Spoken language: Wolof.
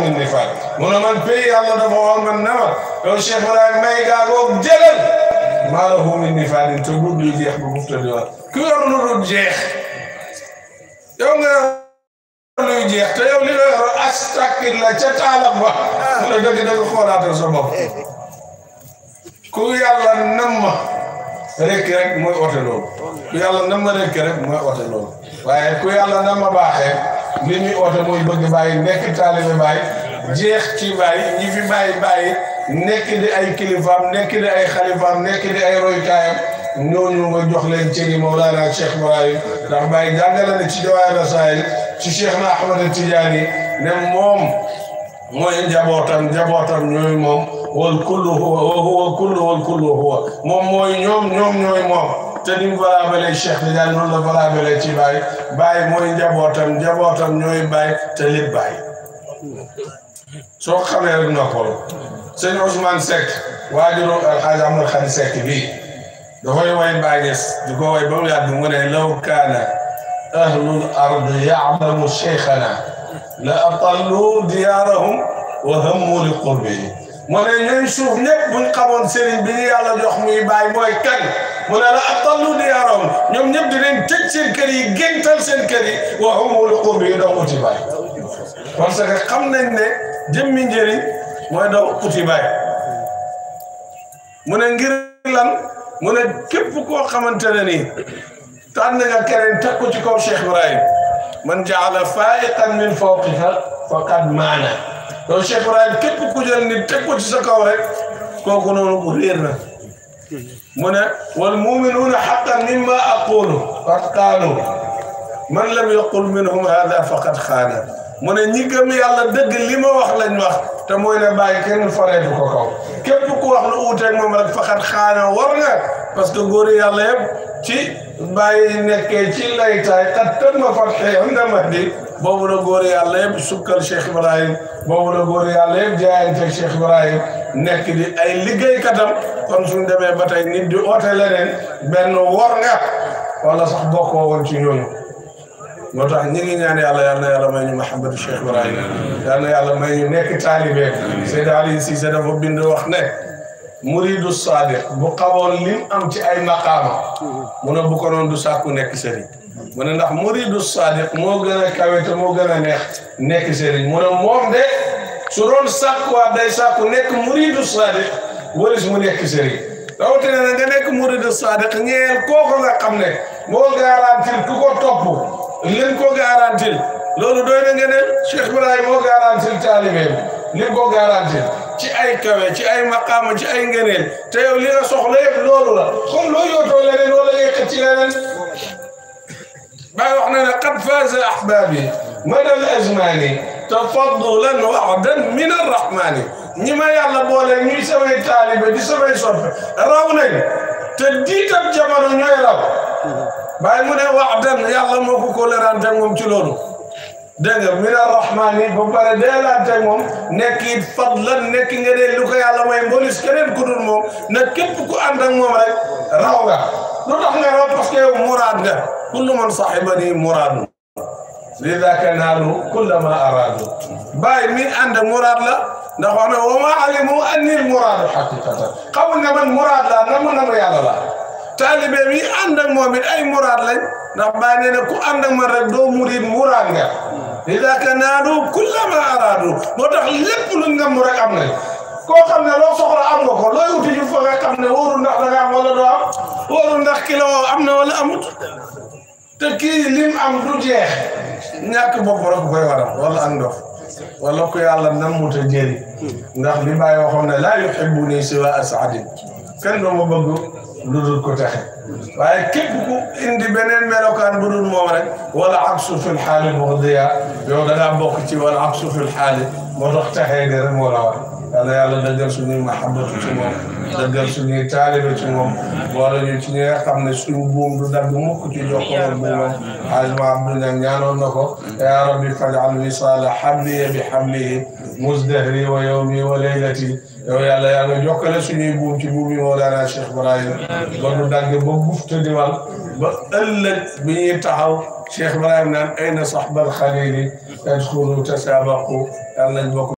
min nifaaq mu ne man pay yàlla dafa waxoon man ne ma yow Cheikh Ibrahim may gaa googu jëlal maa lahu min nifaaq te gudd yi jeex bu bufta di wax ku yor lu dul jeex yow nga yor luy jeex te yow li nga yor astaqilla ca taalab ba mu ne dëgg dëgg xoolaatal sa bopp ku yàlla nam ma rekk rek mooy ote loolu ku yàlla nam ma rekk rek mooy ote loolu waaye ku yàlla nam ma baaxee li muy oote mooy bëgg bàyyi nekk taalibe bàyyi jeex ci bàyyi ñi bàyyi bàyyi nekk di ay kilifaam nekk di ay xalifaam nekk di ay roykaayam ñooñu nga jox leen cëri Mawlana Cheikh Ibrahim ndax bàyyi jàngale na ci Jawaahir Rasaa'il ci Cheikh na Ahmad Tijaani ne moom mooy njabootam njabootam ñooy moom wal kullu huwa wal kullu wal kullu huwa moom mooy ñoom ñoom ñooy moom تدين فلا بلي شيخ دجال نون فلا بلي تي باي باي موي جابوتام جابوتام نوي باي تليب باي سو خامي رك نوكول سيني عثمان سيك واجرو الحاج عمر خالد سيك بي دهوي واي باجس دكو واي بوم ياد مون لو كان اهل الارض يعلم شيخنا لا اطلوا ديارهم وهموا لقربه مون نشوف نيب بن قبون سيرين بي يالا جوخ مي باي موي كان mu ne la atallu ñoom ñëpp di leen tëj seen kër yi géntal seen kër yi wa humul qurbi yi doon uti baay parce que xam nañ ne jëmmi njëriñ mooy doon uti baay mu ne ngir lan mu ne képp koo xamante ne nii tànn nga keneen kaw Cheikh Ibrahim man jaala faayiqan min fawqiha faqad maana loolu Cheikh Ibrahim képp ku jël nit teg ko sa kaw rek kooku noonu bu من والمؤمنون حقا مما اقول قد قالوا من لم يقل منهم هذا فقد خان من نيغم يالا دغ لما واخ لا نخ تا موي لا باي كين فريد كو كو كيب كو واخ لو اوتك موم رك فقد خان ورنا باسكو غوري يالا يب تي bàyyi nekkee ci laytaay xattan ma fatxe inda mahdi boobu la góor yàlla yëpp sukkal Cheikh Ibrahim boobu la góor yàlla yëpp jaayanteeg Cheikh Ibrahim nekk di ay liggéeykatam kon suñ demee ba tey nit di oote leneen benn wor nga wala ci ñooñu moo tax ñi ngi ñaan yàlla yal na yàlla may ñu Ibrahim yal na yàlla may ñu nekk taalibe Seydi Ali Cissé dafa bind wax ne muridu sadiq bu xamoon lim am ci ay maqaama mu ne bu ko noon du sàkku nekk sëriñ mu ne ndax muridu sadiq moo gën a kawe te moo gën a neex nekk sëriñ mu ne moom de su doon sàkkuwaat day sàkku nekk muridu sadiq waris mu nekk sëriñ rawatina na nga nekk muridu sadiq ñeel kooku nga xam ne moo garantil ku ko topp leen ko garantil loolu doy na nga ne Cheikh Ibrahima moo garantil taalibeem lim ko garantil ci ay kawe ci ay maqaama ci ay ngëneel te yow li nga soxla yëpp loolu la kon loo yootoo leneen wala ngay xëcc leneen bàyyi wax na ne qad faaza ahbaabi mada al azmaani tafaddulan wa'dan min arrahmaani ñi ma yàlla boole ñuy samay taalibe di samay soppe raw nañ te diitam jamono ñooy raw bàyyi mu ne wa'dan yàlla moo ko ko lerante moom ci loolu dégg nga a arrahmaan yi ba pare deelante moom nekk it fadlan nekk nga yàlla may mbolis keneen ku dul moom na képp ku ànd ak moom ay raw nga lu tax nga raw parce que yow muraad nga kullu man sahibani muraad li daka naalu kullama la ndax wax na wa ma alimu annil muraadu xaqiqatan xamu muraad la na mu nam yàlla la taalibe mi ànd moom it ay muraad lañ ndax bàyyi nee na ku ànd ak rek doo murid muraad nga lidaka naadu kullama araadu moo tax lépp lu ngam rek am na koo xam ne loo soxla am nga ko looy uti ju fa nga xam ne wóorul ndax da nga am wala doo am wóorul ndax kilo am na wala amut te kii lim am du jeex ñàkk bopp rek koy waral wala ak ndox wala ku yàlla nammut a jëri ndax li Baay waxoon ne laa yuhibbunii siwaa saadin kenn du ma bëgg lu dul ko texe waaye képp ku indi بنين ملو كان بدون مورك ولا عكس في الحال المغذية يقول أنا بوقتي ولا عكس في الحال مرخت حيدر مورك أنا يا الله دجال سني محبة تشمهم دجال سني تالي بتشمهم ولا يتشني أخم نسوي بوم ردا بومو كتير جوكم بومو حاج ما عبدنا نيانو نهو يا ربي فجعل وصال حبي بحمله مزدهري ويومي وليلتي يا الله يا الله جوكم نسوي بوم تبومي ولا أنا شيخ برايم بدو دجال بوم بفتدي وال بقلت بيتعو شيخ ابراهيم نعم، اين صاحب الخليلي تدخلوا تسابقوا الله